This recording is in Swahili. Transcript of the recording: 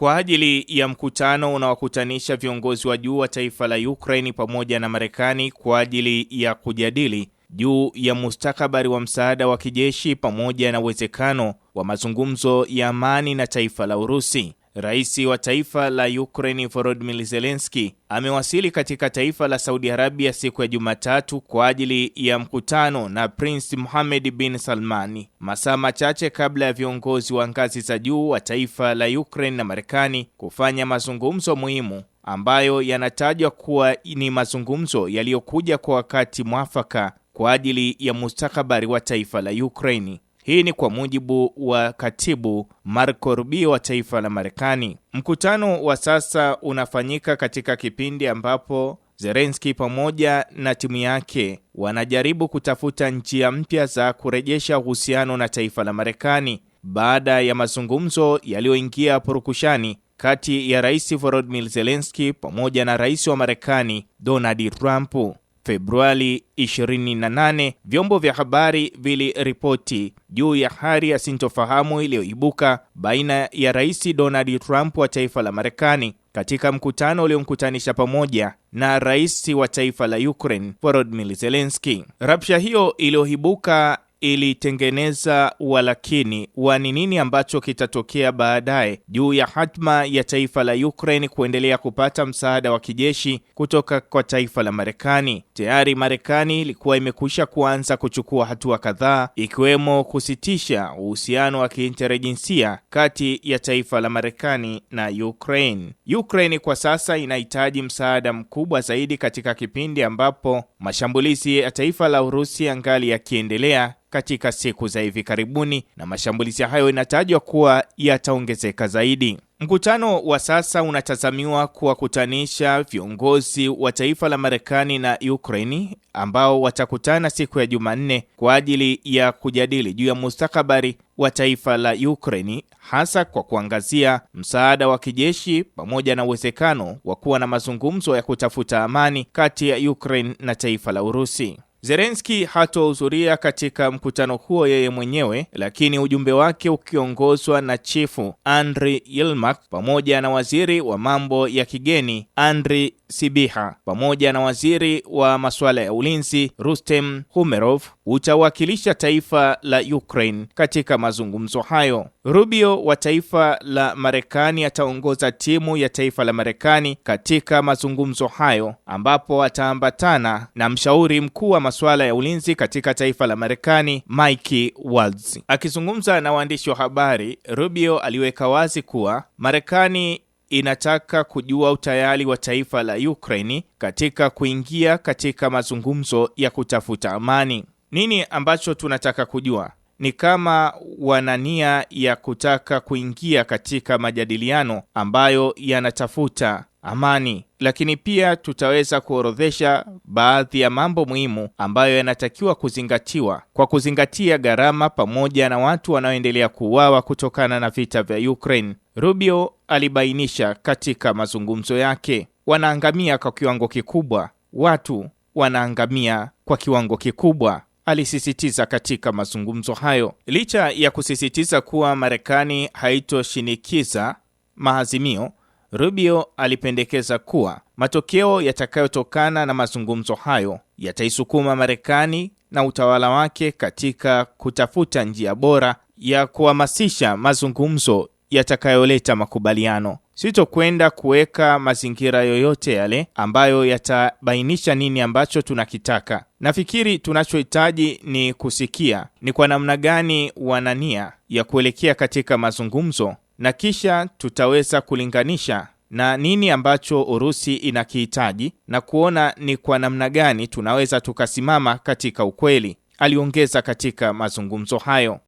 kwa ajili ya mkutano unaokutanisha viongozi wa juu wa taifa la Ukraine pamoja na Marekani kwa ajili ya kujadili juu ya mustakabali wa msaada wa kijeshi pamoja na uwezekano wa mazungumzo ya amani na taifa la Urusi. Rais wa taifa la Ukraine Volodymyr Zelensky amewasili katika taifa la Saudi Arabia siku ya Jumatatu kwa ajili ya mkutano na Prince Mohammed bin Salmani, masaa machache kabla ya viongozi wa ngazi za juu wa taifa la Ukraine na Marekani kufanya mazungumzo muhimu ambayo yanatajwa kuwa ni mazungumzo yaliyokuja kwa wakati mwafaka kwa ajili ya mustakabali wa taifa la Ukraine. Hii ni kwa mujibu wa katibu Marco Rubio wa taifa la Marekani. Mkutano wa sasa unafanyika katika kipindi ambapo Zelensky pamoja na timu yake wanajaribu kutafuta njia mpya za kurejesha uhusiano na taifa la Marekani baada ya mazungumzo yaliyoingia purukushani kati ya Rais Volodymyr Zelensky pamoja na Rais wa Marekani Donald Trump. Februari 28, vyombo vya habari viliripoti juu ya hali ya sintofahamu iliyoibuka baina ya Rais Donald Trump wa taifa la Marekani katika mkutano uliomkutanisha pamoja na rais wa taifa la Ukraine Volodymyr Zelensky. Rabsha hiyo iliyoibuka ilitengeneza walakini wa ni nini ambacho kitatokea baadaye juu ya hatma ya taifa la Ukraine kuendelea kupata msaada wa kijeshi kutoka kwa taifa la Marekani. Tayari Marekani ilikuwa imekwisha kuanza kuchukua hatua kadhaa, ikiwemo kusitisha uhusiano wa kiintelijensia kati ya taifa la Marekani na Ukraine. Ukraine kwa sasa inahitaji msaada mkubwa zaidi katika kipindi ambapo mashambulizi ya taifa la Urusi angali yakiendelea katika siku za hivi karibuni, na mashambulizi hayo inatajwa kuwa yataongezeka zaidi. Mkutano wa sasa unatazamiwa kuwakutanisha viongozi wa taifa la Marekani na Ukraini ambao watakutana siku ya Jumanne kwa ajili ya kujadili juu ya mustakabali wa taifa la Ukraini hasa kwa kuangazia msaada wa kijeshi pamoja na uwezekano wa kuwa na mazungumzo ya kutafuta amani kati ya Ukraine na taifa la Urusi zelenski hatohudhuria katika mkutano huo yeye mwenyewe, lakini ujumbe wake ukiongozwa na chifu andri yilmak pamoja na waziri wa mambo ya kigeni andri Sibiha pamoja na waziri wa masuala ya ulinzi Rustem humerov utawakilisha taifa la Ukraine katika mazungumzo hayo. Rubio wa taifa la Marekani ataongoza timu ya taifa la Marekani katika mazungumzo hayo, ambapo ataambatana na mshauri mkuu wa masuala ya ulinzi katika taifa la Marekani Mike Waltz. Akizungumza na waandishi wa habari, Rubio aliweka wazi kuwa Marekani inataka kujua utayari wa taifa la Ukraini katika kuingia katika mazungumzo ya kutafuta amani. Nini ambacho tunataka kujua ni kama wana nia ya kutaka kuingia katika majadiliano ambayo yanatafuta amani, lakini pia tutaweza kuorodhesha baadhi ya mambo muhimu ambayo yanatakiwa kuzingatiwa kwa kuzingatia gharama pamoja na watu wanaoendelea kuuawa kutokana na vita vya Ukraine. Rubio alibainisha katika mazungumzo yake, wanaangamia kwa kiwango kikubwa, watu wanaangamia kwa kiwango kikubwa alisisitiza katika mazungumzo hayo. Licha ya kusisitiza kuwa Marekani haitoshinikiza maazimio, Rubio alipendekeza kuwa matokeo yatakayotokana na mazungumzo hayo yataisukuma Marekani na utawala wake katika kutafuta njia bora ya kuhamasisha mazungumzo yatakayoleta makubaliano sitokwenda kuweka mazingira yoyote yale ambayo yatabainisha nini ambacho tunakitaka. Nafikiri tunachohitaji ni kusikia ni kwa namna gani wana nia ya kuelekea katika mazungumzo, na kisha tutaweza kulinganisha na nini ambacho Urusi inakihitaji na kuona ni kwa namna gani tunaweza tukasimama katika ukweli, aliongeza katika mazungumzo hayo.